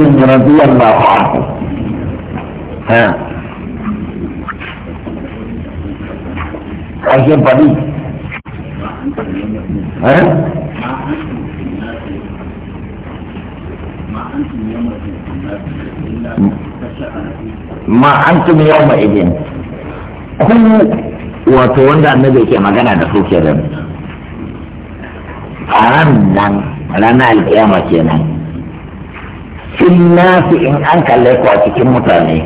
رضي الله عنه ها عشان بني ها ma antum yawma idin wato wanda annabi ke magana da su kenan a ran nan ranar alƙiyama kenan fil nasi in an kalle ku a cikin mutane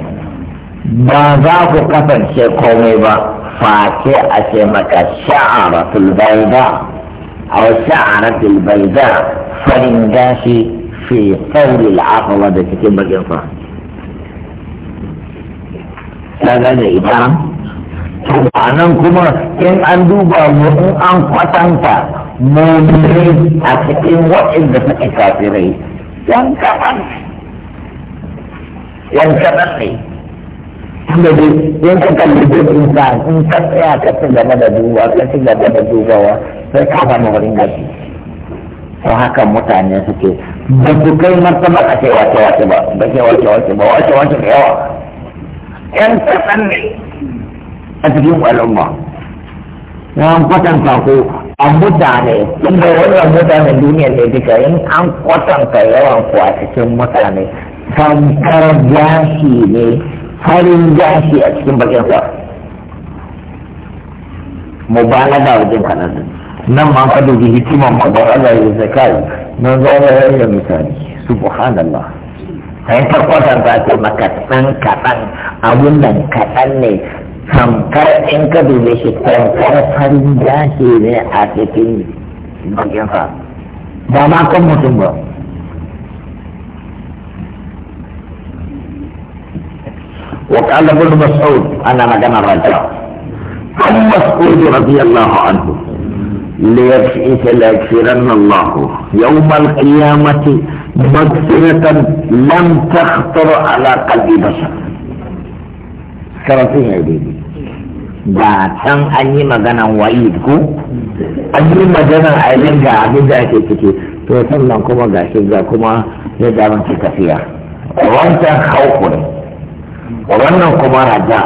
ba za ku kasance komai ba face a ce maka sha'aratul A shaara sha'aratul bayda farin gashi fi qawli al da cikin bakin fa kaga da ibara nan kuma in an duba mu in an kwatanta mu ne a cikin waɗanda suke kafirai yang kanan yang kanan ni jadi yang kanan itu insan insan ya kata dah ada dua kata dah ada dua mereka akan meringat Wah kamu tanya sikit Berbuka yang pertama kasih wajah coba Bagi wajah coba wajah wajah coba Yang kanan ni Azri wa'alallah Yang kanan tahu a mutane inda wannan mutanen duniya ne duka in an kwatanta yawan ku a cikin mutane tamkar gashi ne farin gashi a cikin bakin sa mubalaga wajen kanan nan ma ka dubi hikiman babban Allah ya zakai nan zo ne yayin mutane subhanallah sai ta kwatanta ta maka dan kadan abun nan kadan ne tamkar in ka dube shi tamkar farin gashi ne a cikin bakinsa ba وقال ابن مسعود انا ما كان رجاء عن مسعود رضي الله عنه ليكفرن الله يوم القيامه مغفره لم تخطر على قلب بشر فيها يا بيبي ba can an yi maganan wayi ko an yi maganan ainihin ga abin da ake ciki to sannan kuma ga shi ga kuma ya daman ki tafiya wancan haukun wannan kuma raja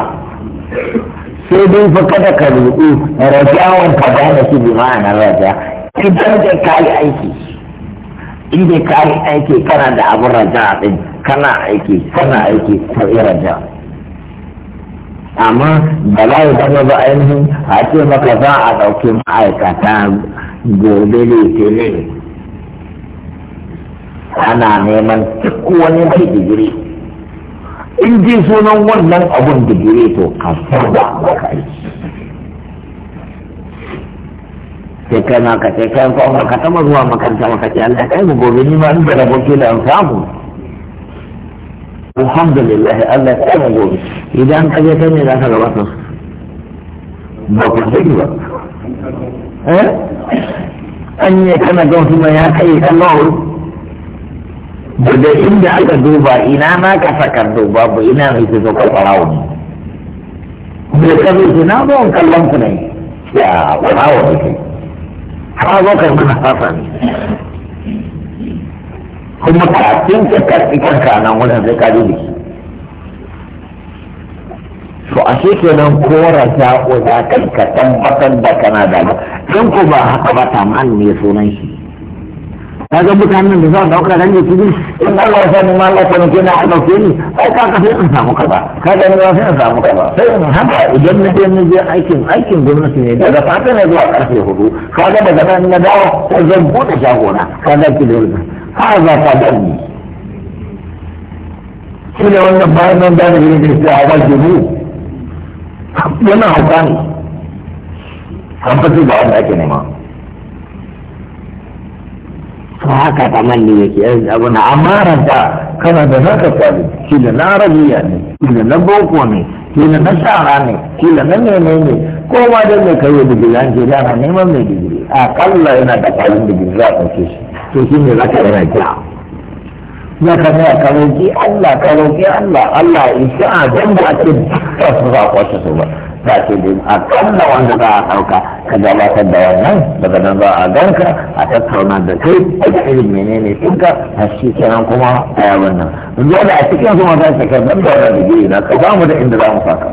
sai dai fa kada ka rubu rajawan ka gane shi bi ma'anar raja idan da yi aiki in ka yi aiki kana da abin raja din kana aiki kana aiki yi raja amma ba za ya zama ba ainihin a ce maka za a ɗauki ma'aikata gobe ne ana neman duk wani mai digiri in ji sunan wannan abun digiri to ka sarba maka yi sai kai ma ka sai kai ka ta zuwa makaranta maka ce Allah kai mu gobe ni ma in da rabon kila an samu alhamdulillah Allah ya kama gobe idan ka je kai ne za ka gabatar ba ku sani ba eh an yi kana ga mutum ya kai kallon daga inda aka duba ina na ka takardu babu ina mai ke zo kwakwarawo ne bai ka zai ce na zo kallon ku ne ya kwakwarawo ne ke zo kai mana fasa ne kuma kafin ka karɓi kanka nan wannan zai kare jiki to a shi kenan kora ta oda za ka tabbatar da kana da ba in ko ba haka ba taman ne sunan shi kaga mutanen da za su dauka ne jiki in Allah ya sani ma Allah ta nake na dauke ni ai ka ka sai in samu ka kaga ni ba sai in samu ba sai in haka idan na je na je aikin aikin gwamnati ne daga fata ne zuwa karfe hudu kaga daga nan na dawo sai zan bude shagona kaga ki dole ta هذا قدمي إلى أن بعض من ذلك الاستعادة جنوب yana haka ne an fito da wanda ake nema to haka ta tamanni ke yanzu abu na amaranta kana da naka shi kila na rabi ya ne shi kila na boko ne shi kila na shara ne shi kila na nene ne kowa dai mai kai digiri an ce yana neman mai digiri akalla yana da kwalin digiri za a ɗauke shi to shi ne za ka yi raja Ya ka tsaya ka roƙi Allah ka roƙi Allah Allah in sha dan da ake duka su za ku wacce su ba za ce dai akalla wanda za a ɗauka ka gabatar da wannan daga nan za a ganka a tattauna da kai a irin menene ɗinka a shi kenan kuma a yi wannan dole a cikin kuma za ka kai ban da wani digiri na ka za mu da inda za mu saka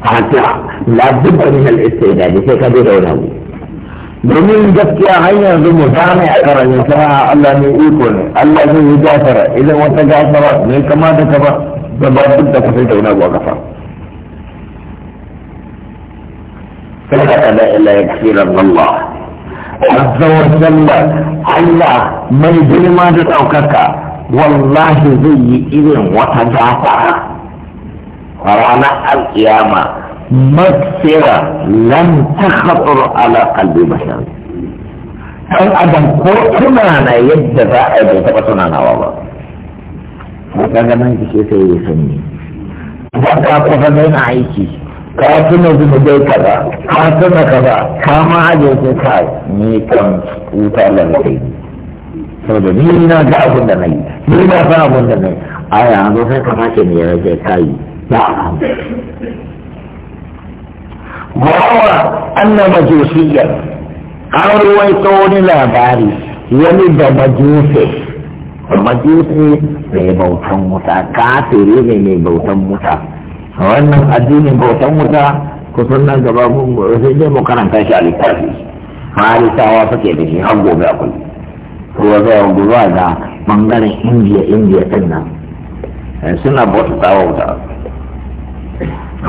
hatta labdubba min al-istidadi sai ka bi da wani abu domin gaskiya hanyar yanzu mu gane a karamin sana Allah ne iko ne Allah zai yi gafara idan wata gafara ne kama da ba da ba duk da kusa da wani abu a kada sai da kada ila ya kira Allah azza wa jalla Allah mai girma da ɗaukaka. wallahi zai yi irin wata gafara ranar alkiyama مغفرة لم تخطر على قلب بشر أن أدم كنا أنا يد فائد تبتنا أنا والله وكذا ما يكشي سيسمي وكذا كفدين عيشي ka tuna zunubai kaza ka tuna kaza ka ma aje ce kai ni kan wuta lalatai saboda ni na ga abin da nayi ni na san abin da nayi a yanzu sai ka sake ne ya rage kai ba an na مجوسيا an ruwaito wani labari wani da majusi majusi mai bautan wuta kafiri ne mai bautan wuta a wannan addinin bautan wuta kusan nan gaba sai dai mu karanta shi a littafi harisawa suke da shi har gobe a kullum ruwa zai wangu zuwa ga bangaren indiya indiya din nan suna bauta tsawa wuta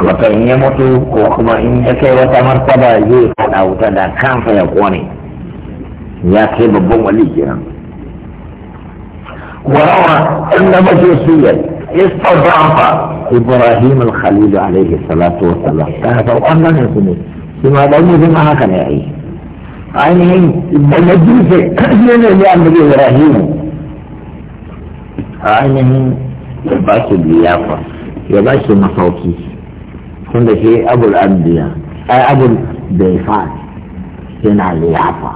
mutum in ya mutu ko kuma in ya kai wata martaba zai faɗa wuta da kansa ya kone ya kai babban wali kenan warawa inda mace suyar istadafa ibrahim al-khalil alaihi salatu wa salam ta haka wannan su ne shi ma dan mutum haka ne ai ainihin da na dutse ne ne ne an da ibrahim ainihin ya ba shi liyafa ya ba shi masauki tunda shi abul abdiya ai abul Daifa yana liyafa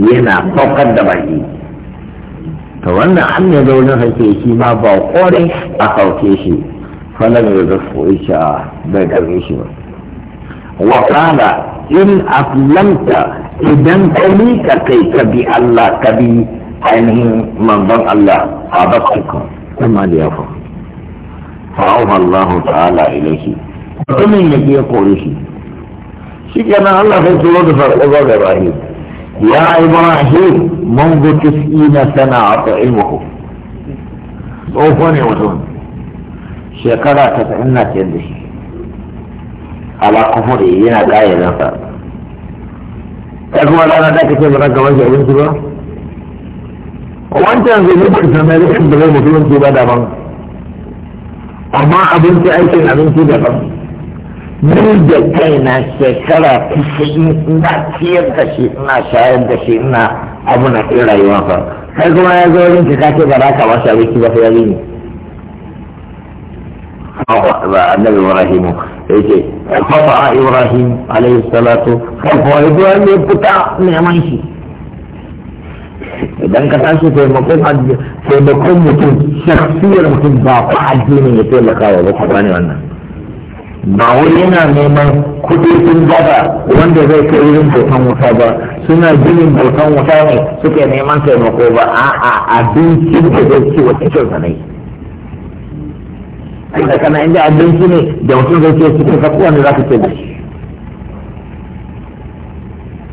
yana saukar da baki to wannan an ne zaunin hake shi ma ba kore a sauke shi falon da zafi isha bai karbe shi ba wa kala in aflamta idan ka kai ka bi Allah ka bi ainihin manzon Allah a bakka kuma liyafa fa'auha Allah ta'ala ilaihi أمين لك يا قريشي شكنا الله في سلطة فالأزاد إبراهيم يا إبراهيم منذ تسعين سنة أطعمه أوفوني وزون شكرا تتعنا تندش على قفر إينا قاية نفر تقول أنا ذاك كيف رجع وجع وانتبا وانت في نبك سمالي حب غير مطلوب تبا دابا أما أبنتي أيتين أبنتي دابا ni da kaina shekara tisa'in ina ciyar da shi ina shayar da shi ina abu na ɗin rayuwa fa kai kuma ya zo wurin ka ce ba za ka ba shi abinci ba sai ya rini ba annabi ibrahim ya ce fafa ibrahim alaihi salatu kai kuma ya zo ne fita neman shi idan ka tashi taimakon taimakon mutum shakhsiyar mutum ba fa addinin ya taimaka wa ba ku gane wannan ba wani yana neman kudi sun gaba wanda zai kai irin bautan wuta ba suna ginin bautan wuta ne suke neman taimako ba a'a abincin da zai ci cikin kyauta ne da kana inda abinci ne da mutum zai ce cikin ka ne za ka ce da shi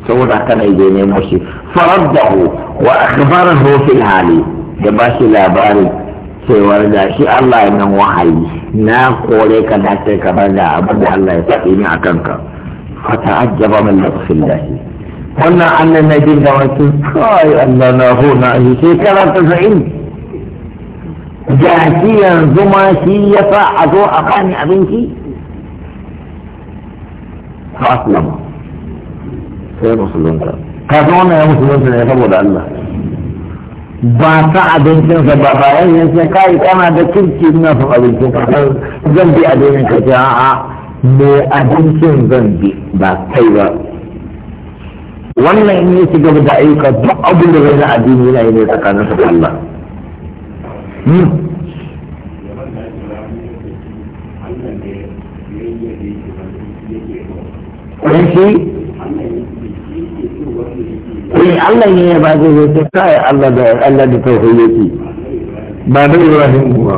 saboda kana yi nemo shi farar faraddahu wa akhbarahu hofin hali da ba shi labarin cewar da shi Allah ya nan wahayi na kore ka da ce ka bar da abin da Allah ya faɗi ni a kanka fata ajaba min lafsin lahi wannan annan na jin da wasu kai Allah na ho na shi shekara ta sa'in jaki yanzu ma shi ya sa a zo a kani abinci fa aslama sai musulunta ka zo wannan ya musulunta ne saboda Allah ba ta abincinsa ba ba yin sai kai kana da kirki na fa abincin ka zan bi abincin ka ce a'a me abincin zan bi ba kai ba wannan in ya ci gaba da ayyuka duk abin da zai abin addini yana yi ne tsakanin su Allah hmm. Wani shi Allah ne ya ba zai zai ta kai Allah da Allah da tauhid yake ba da Ibrahim ba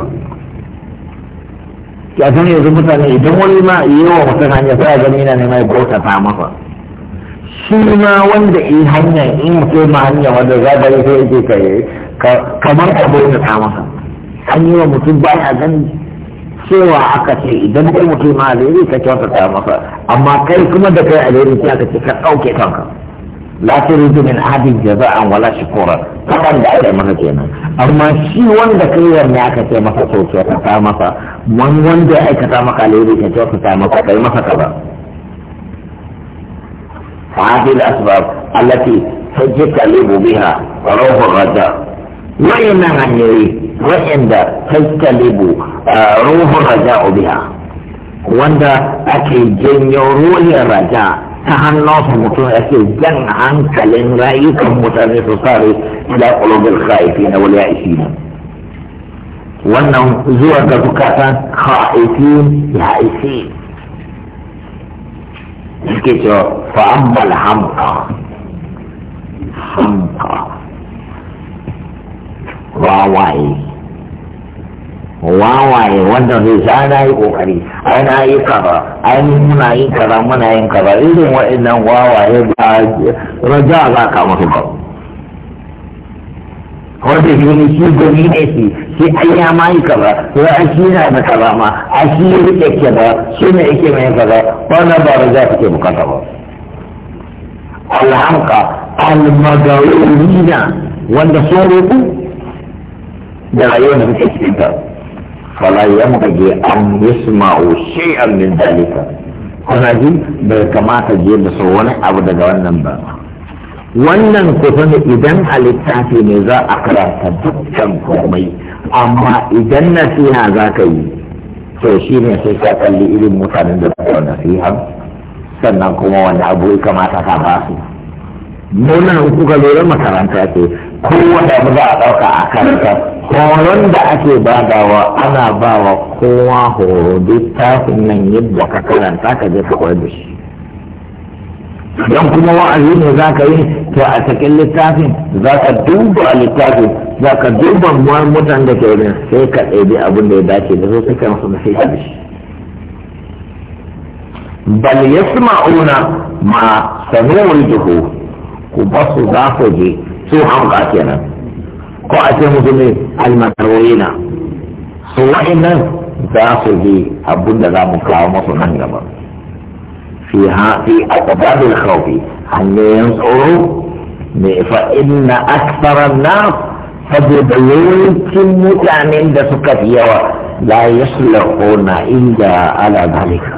ya san yanzu mutane idan wani ma yawa mutum hanya sai ga nina ne mai bauta ta masa shi ma wanda yi hanya in mutum ma hanya wanda za da yi sai yake kai kamar ka bauta ta masa an yi wa mutum ya gani cewa aka ce idan kai mutum ma alheri ka ta masa amma kai kuma da kai alheri sai aka ce ka ɗauke kanka لا تريد من احد جزاء ولا شكورا كمان ده كان من هنا اما شي وان ده كان يرمي اكا تي مسا سو سو كتا مسا من وان ده اي كتا مكا ليري كتا كتا مسا كي مسا كبا فهذه الاسباب التي تجد تليب بها روح غدا وإن عن يري وإن ده تجتلب آه، روح الرجاء بها وإن ده أكي جنيو روح الرجاء ta hannunsa mutum ya ke jan hankalin rayukan mutane su sare ila ƙulubin khaifi na wani ya'ishi ne wannan zuwa ga zukatan khaifi ya'ishi suke cewa fa'ammal hamka hamka wawaye wawaye wanda zai sa na yi kokari ai na yi kaza ai muna yi kaza muna yin kaza irin wa'annan wawaye ba raja za ka musu ba wanda shi ne shi gani ne shi shi ai ya ma yi kaza sai a shi na da kaza ma ai shi yi rike kaza shi ne yake mai kaza wanda ba raja kake bukata ba alhamka almagawina wanda sun roƙo da rayuwar da suke cikin ta فلا ينبغي أن يسمعوا شيئا من ذلك kuna ji bai kamata je da su wani abu daga wannan ba wannan ko idan a littafi ne za a karanta dukkan komai amma idan nasiha za ka yi to shi ne sai ka kalli irin mutanen da suka nasiha sannan kuma wani abu ya kamata ka ba su nuna kuka lura makaranta ce kowane abu za a ɗauka a karanta horon da ake badawa ana bawa kowa horo littafin nan yadda ka karanta ka je ka koyar da shi don kuma wa'azi ne za ka yi to a cikin littafin za ka duba littafin za ka duba mutan da ke wurin sai ka ɗaiɗi abin da ya dace da zo sai ka masu sai ka shi bal yasma'una ma sami'ul juhu ku basu za ku je su hamka kenan ko a ce musu ne almatarwina su wa'annan za su je abin da za mu kawo masu nan gaba fi ha fi aqdadil khawfi hanyoyin tsoro ne fa inna aktsara nas saboda yawancin mutanen da suka fi yawa la yaslahuna inda ala zalika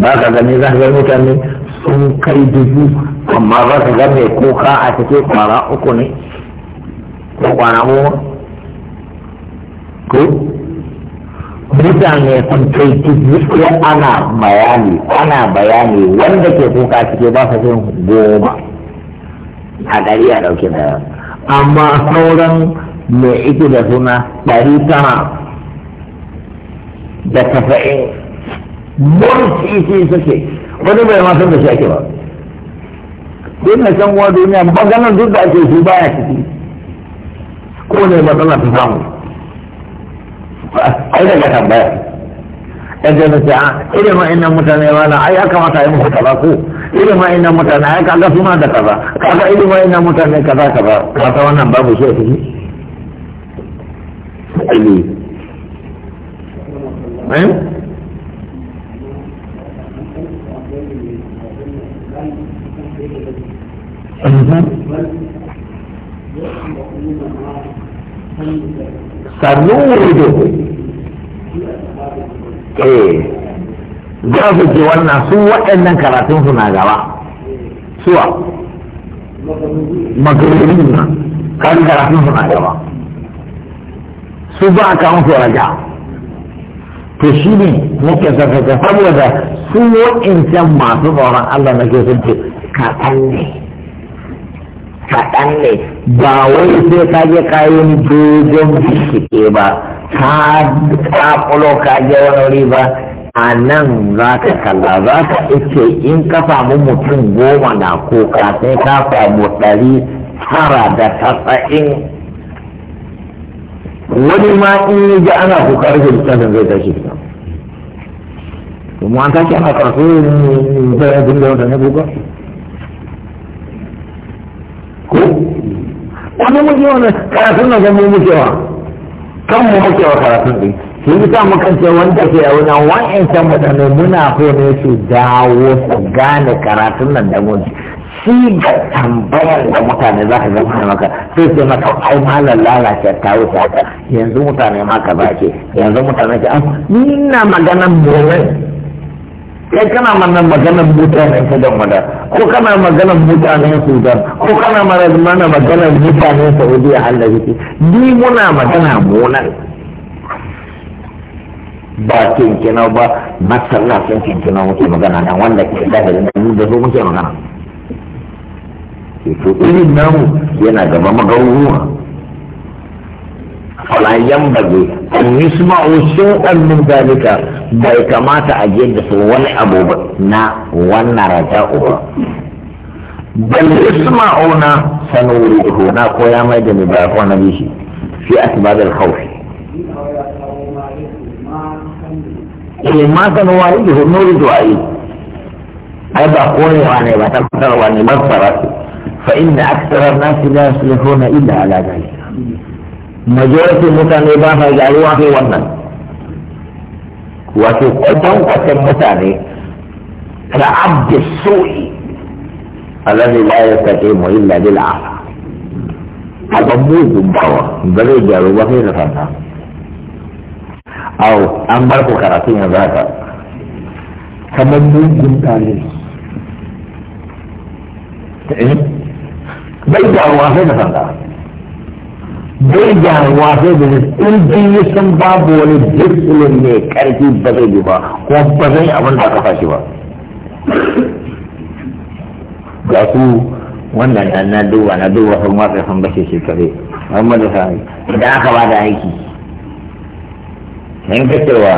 ba ka gani za ka mutane sun kai dubu amma ba su ga mai kuka a cikin kwara uku ne ko kwana goma ko mutane sun kai ciki ana bayani ana bayani wanda ke kuka cike ba su sun goma a ɗari a ɗauke da amma sauran mai ita da suna ɗari tara da tafa'in murci suke wani bai masu da shi ake ba sai na can wa duniya maganar duk da ake shi baya ciki ko ne matsala ta samu ai daga tambaya yadda na ce a ah, irin ma'ainan mutane ba na ai ya kamata a yi musu kaza ko irin ma'ainan mutane ai kaga suna da kaza kaga irin ma'ainan mutane kaza kaza kaga wannan babu shi a ciki Thank eh? you. sanudo eh za su ji wannan su waɗannan karatun na gaba suwa magarurin na kan karatun na gaba su ba a kan su raja to shi ne muke sarkaka saboda su waɗancan masu tsoron Allah na ke sun ce kaɗan ne kaɗan ne ba wai sai ka je kayan dogon bincike ba ka ƙaƙulo ka je wani wuri ba a nan za ka kalla za ka ce in ka samu mutum goma na kuka sai ka samu ɗari tara da tasa'in wani ma in yi ji ana kuka rage littafin zai tashi kuma an tashi ana karfi da ya dinga wata na kuka ko wani muke wani karatun na zama muke wa kan mu muke wa karatun din shi yi ta muka ce wanda ke a wajen can mutane muna ko ne su dawo su gane karatun nan da mun shi ga tambayar da mutane za ka zama da maka sai ce maka ai malar lalace ta wuce haka yanzu mutane ma ba ke yanzu mutane ke an ah, nuna maganan mu kai kana mana maganar mutanen sudan wada ko kana maganar mutanen sudan ko kana mana maganar mutanen saudiya allah yake ni muna magana munar ba kinkina ba matsala sun kinkina muke magana nan wanda ke zahirin da da zo muke magana to irin namu yana gaba magaruruwa falayen bage an yi suma'u shi'an min zalika bai kamata a je da su wani abu ba na wannan raja uba bal isma'una sanurihu na koya mai da ba ko na bishi fi asbab al khawf eh ma san wani da nuri da ai ai ba ko ne ba tabbatarwa ne ba farasu fa inna aktsara an-nasi la yuslihuna illa ala dhalik majority mutane ba sa gyaruwa kai wannan wato kwatan kwatan mutane ka abdi su'i alladhi la yastaqimu illa bil afa haka mugun bawa ba zai gyaru ba sai da fanta au an bar ku karatun yanzu haka kamar mugun ɗalibi bai gyaruwa sai da fanta bai gyaruwa sai da in biyu san babu wani disiplin mai karfi ba zai yi ba ko ba zai abin da aka fashi ba ga su wannan dan na duba na duba sun watsa sun shi shekare Muhammadu Sani idan aka ba da aiki in ka cewa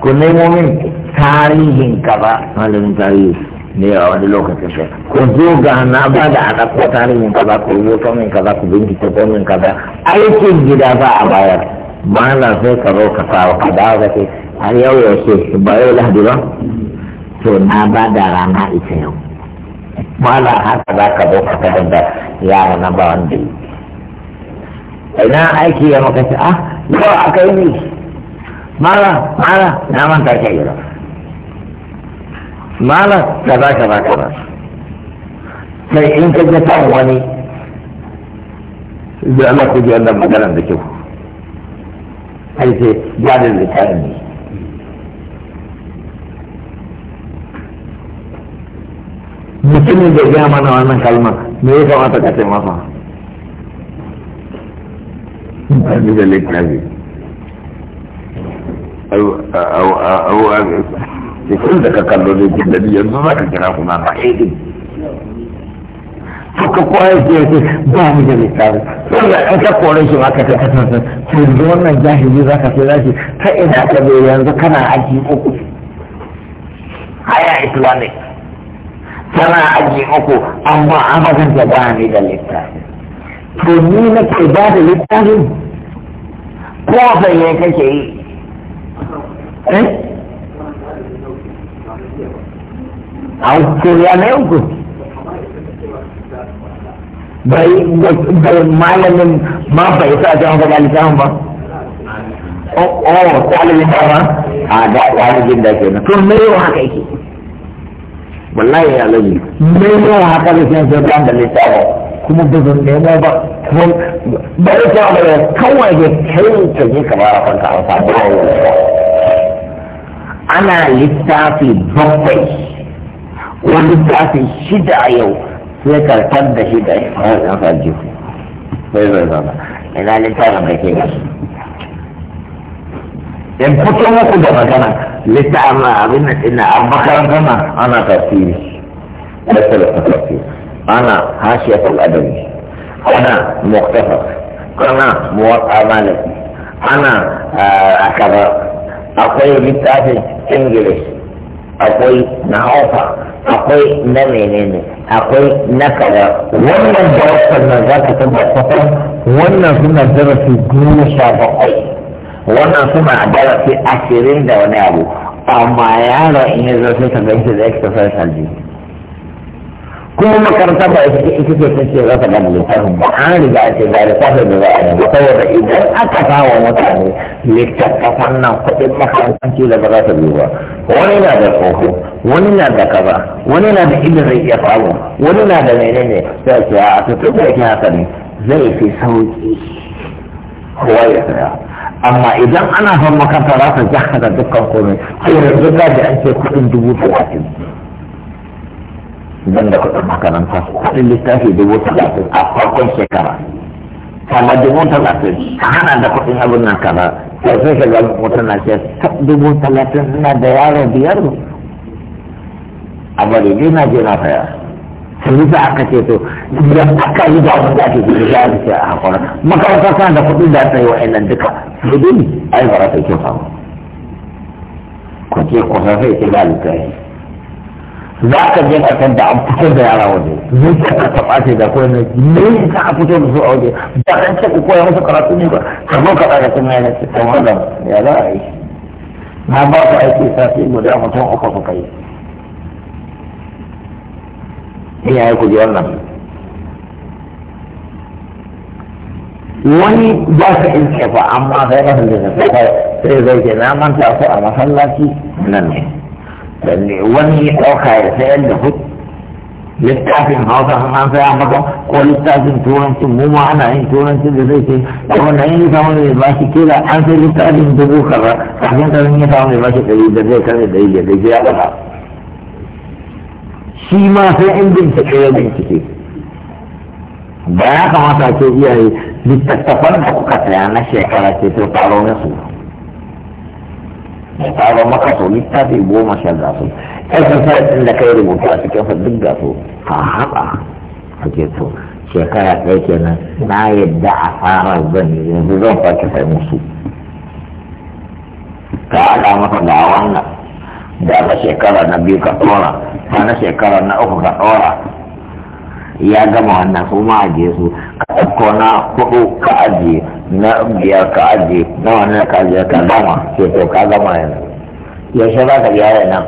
ku nemo min tarihin kaza malamin tarihi ne a wani lokacin sai ku zo ga na ba da a ɗauko tarihin kaza ku rubuto min kaza ku bincike ko min kaza aikin gida ba a bayar na sai ka zo ka sawa ka dawo ka ce har yau yaushe ba yau lahadi ba to na ba da rana ita yau na haka za ka zo ka tarar da yara na ba wanda yi ina aiki ya maka ce ah yau aka yi ne mara mara na manta ke ba malam kaza kaza kaza sai in ka ga ta wani da Allah ku ji wannan magana da kyau ai sai gadin da kayan ne mutumin da ya mana wannan kalma me ya kamata ka ce masa da littafi cikin da ka kallo da jin yanzu za ka kira kuma ba ɗin ko kwaya ke yake ba mu da littafi saboda an ka kore shi maka ta kasance yanzu wannan jahili za ka sai zaki ta ina ka zo yanzu kana aji uku haya islamic Kana aji uku amma an maganta ba ni da littafi to ni ke ba da littafin ko ban yake kake yi eh aukuya na uku bai malamin ma bai sa jan faɗa littafin ba oh, oh talibin ba ma a da talibin da ke to me yau haka yake wallahi ya lalace me yau haka da sai sai ban da littafin kuma ba zan nemo ba kuma ba da ta ba kawai da kai ka je ka fara fanka a ana littafi bakwai وللتعافي شدع يوم ذكر تبدا شدع هذا فالجوف فيزول هذا إلى لسان بكينا in fito muku da magana littafin abin da ina a makarantar nan ana tafsiri da tafsiri ana hashiyatul adabi ana muqtafa ana muwatta maliki ana a kaza akwai littafin english akwai na ofa akwai na menene akwai na kaza wannan da wasan nan za ka tabbata wannan suna darasi goma sha bakwai wannan suna darasi ashirin da wani abu amma yaro in ya zarce ta ganci da exercise alji kuma makaranta ba ita ce sun ce za ta gani littafin ba an riga a ce ga littafin da za a yi saboda idan aka kawo mutane littattafan nan kuɗin makarantar ce da ba za ta biyu ba wani na da koko wani na da kaza wani na da inda zai iya faru wani na da menene sai ce a tutu da ya haka zai fi sauki kowa ya tsaya amma idan ana son makanta za ta jaha da dukkan komai sai da ka da an ce kuɗin dubu talatin ban da kuɗin makaranta kuɗin littafi dubu talatin a farkon shekara kama dubu talatin a hana da kuɗin abin nan kaza sai sai ka ga mutum na ce dubu talatin ina da yaro biyar a bari ne na je na faya sun yi aka ce to da aka yi da wanda ake cikin ya da ce a hakura makaranta sana da kuɗin da ta yi wa ina duka su dini ai ba za ta kyau samu ku ce ku sai ke da alƙari za ka je ka san da an fito da yara waje zai ka ka ce da koyar da ne ya a fito da su a waje ba an ce ku koya musu karatu ne ba ka zo ka ɗaga kuma yana ce kan wannan ya za a yi na ba ka aiki mu da mutum uku suka yi in ya ku ji wannan wani ba ka in fa amma sai masallaci sai zai ke na manta ko a masallaci nan ne wani ya ɗauka ya sayar da kuɗi littafin hausa sun an saya maka ko littafin turanci mu ma ana yin turanci da zai ce da wannan yin samu mai ba shi kira an sai littafin dubu kaza kafin ka ya samu mai ba shi ɗari da zai kare ɗari da zai ya ɗaga shi ma sai in bincike ya bincike ba ya kamata ce iyaye littattafan da kuka saya na shekara ce to karo na su tsaron maka to littafi goma sha gasu exercise ɗin da kai rubuta a cikin sa duk gasu a haɓa ke so shekara ɗaya kenan na yadda a fara zan yanzu zan fake kai musu ka haɗa masa da wannan da na shekara na biyu ka ɗora na shekara na uku ka ɗora ya gama wannan su ma je su ka ɗauko na huɗu ka ajiye na biya ka aje na wani ka aje ka gama ke to ka gama yanzu shi ba ka biya da nan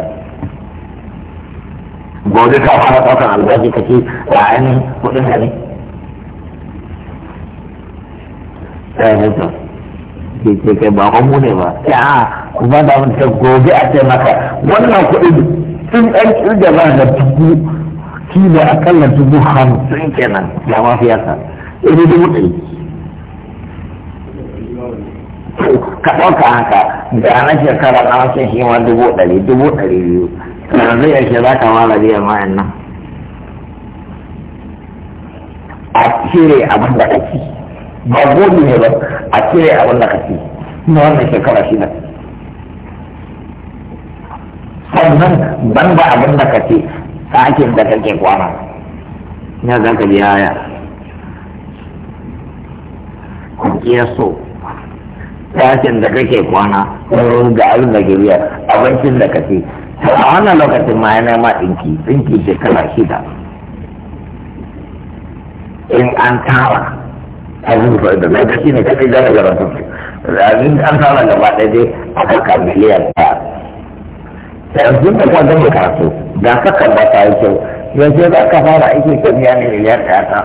gobe ka fara ɗaukan albashi ka ce ga ainihin kuɗin ka ne yi mutum ke ce kai ba kwan mu ne ba ya kuma da ta gobe a ce maka wannan kuɗin sun ɗan ƙirga ba da dubu kila akalla dubu hamsin kenan ya mafi yasa ɗaya dubu ɗari ka ɗauka haka da ana shekara na wasu shi ma dubu ɗari dubu ɗari biyu yanzu yaushe za ka mara biyan ma'an nan a cire abin da kake ba gobe ne ba a cire abin da kake na wannan shekara shida sannan ban ba abin da kake ɗakin da kake kwana na za ka biya ya ku iya so tashin da kake kwana wurin ga abin da ke biya abincin da kake a wannan lokacin ma yana ma ɗinki ɗinki kala shida in an tara abin da da lokaci ne kaɗai zama garantun abin an tara gaba ɗaya dai a kaka miliyan ta yanzu da ka gama karatu da ka kalla ta yi kyau yanzu za ka fara aiki kan yana miliyan ɗaya ta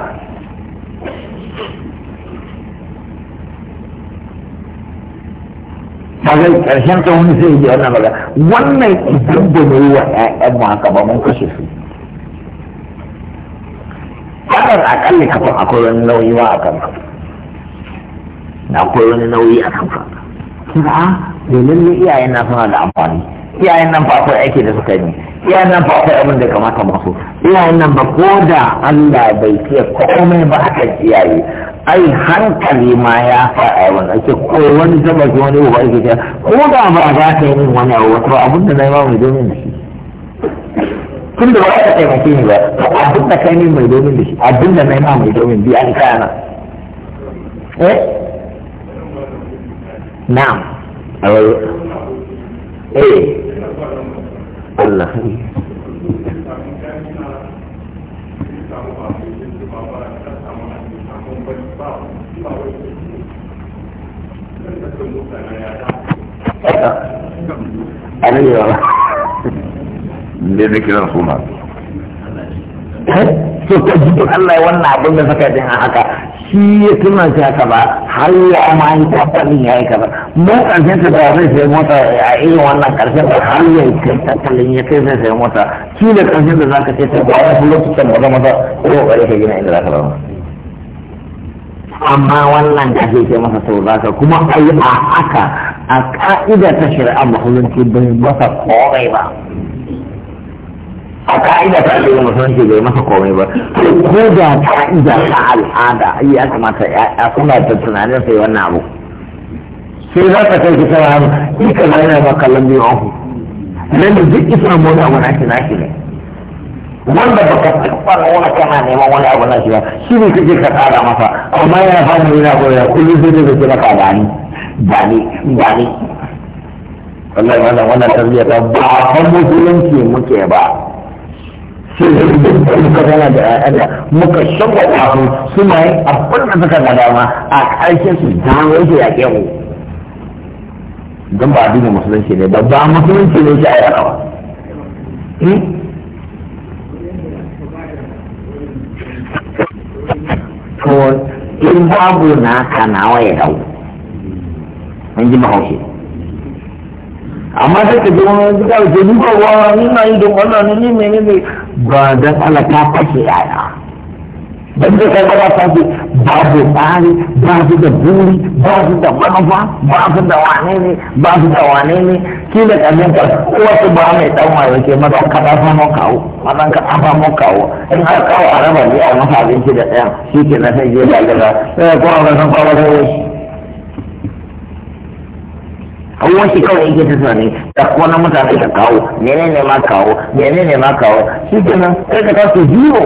kaga karshen ta wani sai ya wannan magana wannan idan da ne wa ƴaƴan mu haka ba mun kashe su kadar akalli kafin akwai wani nauyi ma a ka na akwai wani nauyi a ka kira ba da lalle iyayen na suna da amfani iyayen nan ba akwai aiki da suka yi iyayen nan ba akwai abin da kamata masu iyayen nan ba ko da Allah bai fiye komai ba haka iyaye ai hankali ma ya a wanda ake ko wani zama ke wani uba ake ta ko da ba za ka yi min wani abu wata abin da na yi ma mai domin da shi tun da ba ka taimake ni ba abin da kai min mai domin da shi abin da na yi ma mai domin bi an kaya eh na'am a eh Allah alayya ne da kiran suna so ta Allah ya wannan abin da saka haka shi ya tuna shi haka ba har ya ma yi tattalin ya yi kaza mu karshen ta zai sai mota a irin wannan karshen har ya yi tattalin ya kai zai sai mota shi da karshen da zaka ce ta ba wani lokacin maza maza ko kare ka gina inda zaka ba amma wannan ka ke masa sau za ka kuma ai a haka a ka'ida ta shari'a musulunci bai masa komai ba a ka'ida ta shari'a musulunci bai masa komai ba ko da ka'ida ta al'ada ya kamata a suna ta tunanin sai wannan abu sai za ka kai kisa ba ita na yana ba kallon biyu ahu nan da duk isa mona wani ake na shi ne wanda baka tabbara wani kana neman wani abu na shi ba shi ne kake ka kada masa amma yana fara yana ya kullum sai da kira ka gani gani ni wallahi wannan wannan tarbiyya ta ba a san musulunci muke ba muka gana da ƴaƴanta muka shagwata su suna yin abin da suka ga dama a ƙarshen su dawo su yaƙe mu don ba addinin musulunci ne ba ba musulunci ne shi a yara ba hmm? to in babu na ka nawa ya dau an ji mahaushe amma sai ka ji wani gida da ni ba wa ni na yi don wannan ni ne ne ba dan Allah ta fashe yaya ban da kai kuma ta ce babu tsari babu da buri babu da manufa babu da wane ne babu da wane ne ki da kamin ka wasu ba mai dan waye ke madan ka da mun kawo madan ka da mun kawo in har kawo a raba ne a masa abinci da ɗayan shi ke na sai je da gaba eh, sai ko an san kawo da wai abubuwan shi kawai yake ta tunani da kuma mutane ka kawo menene ma kawo menene ma kawo shi kenan kai ka taso zero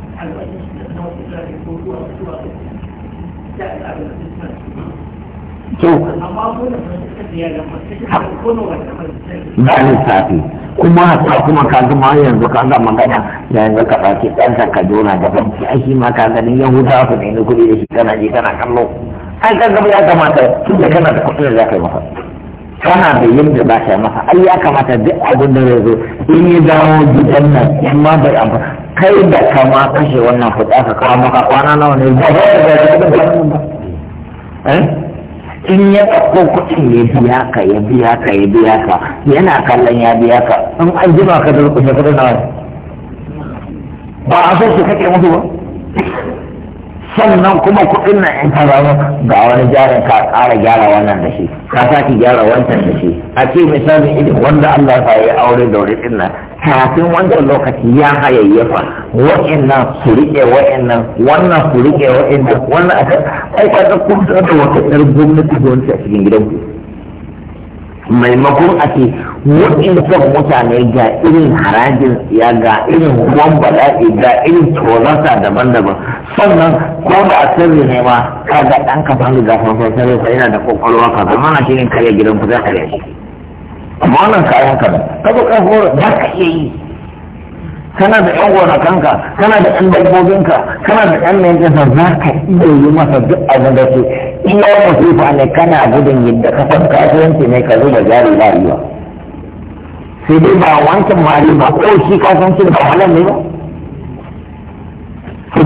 albashi na kuma haka kuma ka zama yanzu ka ga magana yanzu ka ɗauki ɗansa ka jona da banki ai shi ma ka ganin yahuda su ne kuɗi da shi kana je kana kallo ai ɗan gaba ya kamata tun da kana da kuɗin da za ka yi masa kana da yadda ba ka yi masa ai ya kamata duk abin da zai zo in yi dawo gidan nan in ma bai amfa kai da kama kashe wannan fita aka kawo maka kwana nawa ne ba ba da kuɗin ba eh? in ya ɗauko kuɗin ya biya ka ya biya ka ya biya ka yana kallon ya biya ka in an jima ka da rukushe kuɗin nawa ba a so su kake musu ba sannan kuma kuɗin nan in ka zama ga wani jarin ka ƙara gyara wannan da shi ka sake gyara wancan da shi a ce misali idan wanda Allah ya yi aure da wuri ɗin nan kafin wancan lokaci ya hayayyafa wa'annan su riƙe wa'annan wannan su riƙe wa'annan wannan a ai ka ga kun da wata ɗar gwamnati gwamnati a cikin gidanku maimakon a ce son mutane ga irin harajin ya ga irin ruwan bala'i ga irin tsoronsa daban-daban sannan ko da a sirri ne ma ka ga ɗan ka fara ga farkon sirri sai yana da kwakwalwa ka zama na shirin kare gidan ku kare shi amma wannan kayan ka da ka ka horo za ka iya yi kana da yan gonakanka kana da yan dabbobinka kana da yan nan kasa za ka iya yi masa duk abin da ke iya masifa ne kana gudun yadda ka san kasuwanci ne ka zuba jari ba yiwa sai dai ba wancan mari ba ko shi kasuwanci ba wani ne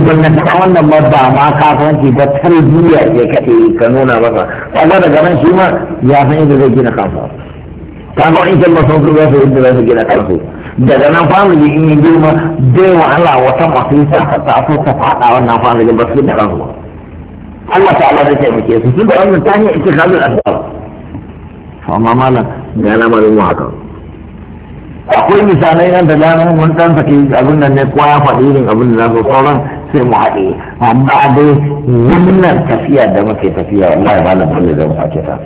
ba na ta wannan ba ba ma kasuwanci ba tarbiyya ce kaɗai ka nuna masa kaga da nan shi ma ya san yadda zai gina ta ga in kalmar sun ya su yadda zai gina kansu daga nan family in yi girma bai Allah wata masu ta taso ka faɗa wannan family ba su da ransu Allah ta'ala zai taimake su su da wannan ta hanyar ita kalin fa amma malam da yana bari mu haka akwai misalai nan da dama mun dan saki abin nan ne ko ya faɗi irin abin da zasu sauran sai mu haɗe amma dai wannan tafiya da muke tafiya wallahi na bane da mu sake ta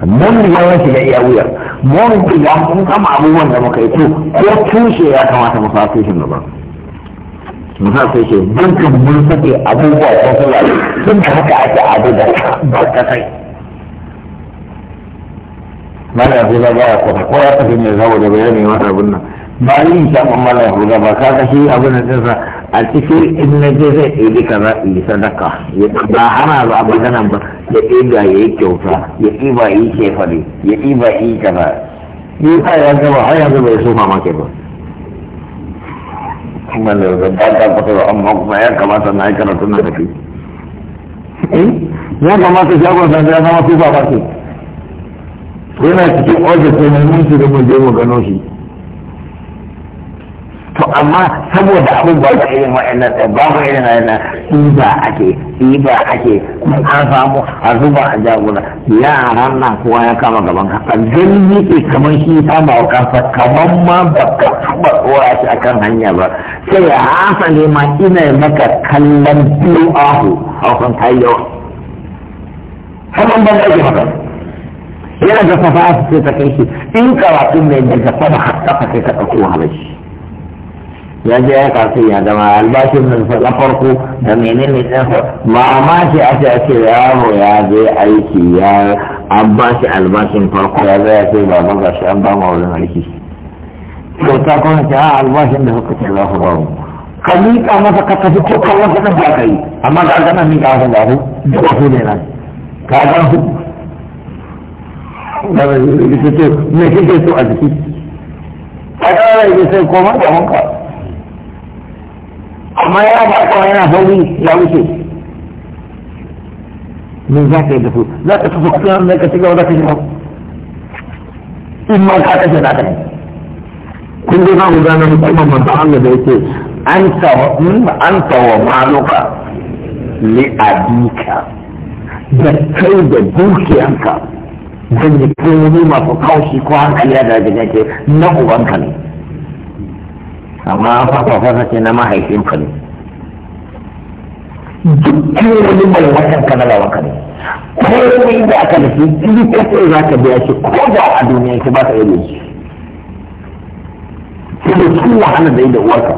mun yi wani shiga iya wuyar mu riga mun kama abubuwan da muka yi to ko tushe ya kamata mu sa tushen gaba mu sa tushe dukkan mun sake abubuwa ko sula tun da haka ake abu da kai. mana yanzu da baya kuma ko ya tafi ne zawo da bayani masa abin nan ba yin shan mamala ya ba ka kashi abin da a cikin in na je zai ɗebe ka za yi sadaka ba hana ba magana ba ya ɗiba ya yi kyauta ya ɗiba ya yi kefare ya ɗiba ya yi kaza ni ba ya gaba har yanzu bai so mama ke ba kuma da ba ta fata ba amma kuma ya kamata na yi karatu na tafi ya kamata shagon sa ya zama tufa ba ce yana cikin ofis ne mun shi da mu je mu gano shi to amma saboda abin ba da irin wa'annan da ba mu irin wa'annan ba ake ba ake an samu a zuba a jagora yaran na kowa ya kama gaban ka ganin yake kamar shi ta wa kansa kamar ma ba ka taɓa tsora shi akan hanya ba sai ya hasale ma ina maka kallon biyu ahu a kan kayyau kamar ban ɗauke maka yana da safa su ce ta kai shi in karatu mai daga sama haka sai ka ɗauki wahalar ya je ya kasu ya zama albashin nan na farko da menene ɗansa mamaki a ce ake yaro ya je aiki ya an ba shi albashin farko ya zai ce ba ba shi an ba ma wurin aiki to ta kuma ce a ah, albashin da kuka ce za ku ba mu ka miƙa masa ka tafi ko kan wasu ɗan ba ka yi amma ka gana miƙa masa ba su da su ne nan ka gan su da ba su ce me kike so a jiki a ƙara yi sai koma da wanka amma ya ba ko yana hauri ya wuce me za ka yi da su za ka tafi kusa da ka shiga wadda ka shiga in ma ka kashe da ka yi kun dai ba mu gane musamman manzo Allah da yake an tawa hmm, an tawa maluka li abika da kai da dukiyanka zan yi kai masu kaushi ko hankali da daga ke na ubanka ne amma fafafansa ce na mahaifinka ne dukkan wani malwatan ka na lawanka ne komai da aka nufi in ka sai za ka biya shi ko da a duniya ki ba ka iya shi kuma sun wahala da da uwarka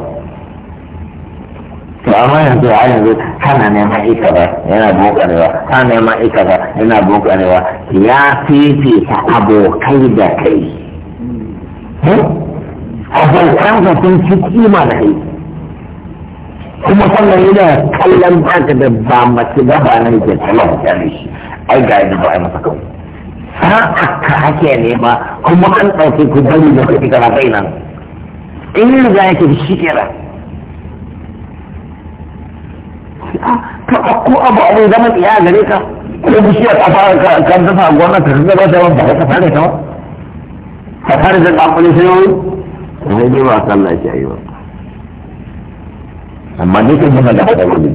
to amma yanzu a yanzu kana neman ika ba yana bokarewa kana neman ika ba yana bokarewa ya fifita abokai da kai hmm? abokansa sun ci kuma da kai kuma sannan yana kallon baka da ba mace ba ba na yake talon kyale shi ai ga yadda ba a masa kawai sa'a ka hake ne ba kuma an ɗauke ku bari da kuɗi kana bai nan in yi za a yake shi kira ka ko abu abin zama tsaya gare ka ko bishi a fara kan dafa gwamnati ka gaba da wani ba ka fara ta ba ka fara da ƙaƙulun sayoyi sai dai ba sallah ke yi ba amma dukkan suna da haɗa wuri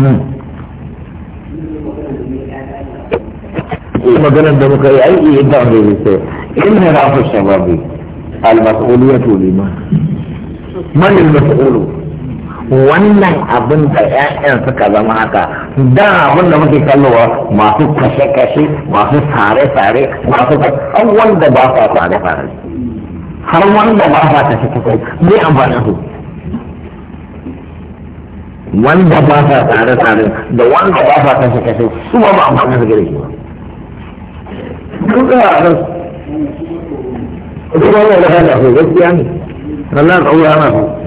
hmm. maganar da muka yi ai iya eh, da wani sai in na rafu shababi al man al wannan abin da ƴaƴan suka zama haka da abin da muke kallowa masu kashe-kashe masu sare-sare masu an wanda ba sa sare-sare har wanda ba sa ta kai me amfanin su wanda ba sa tare tare da wanda ba sa ta kai su ba ba amfanin su gare shi ba ko da ran su ba da ran su gaskiya ne Allah ya tsaura na su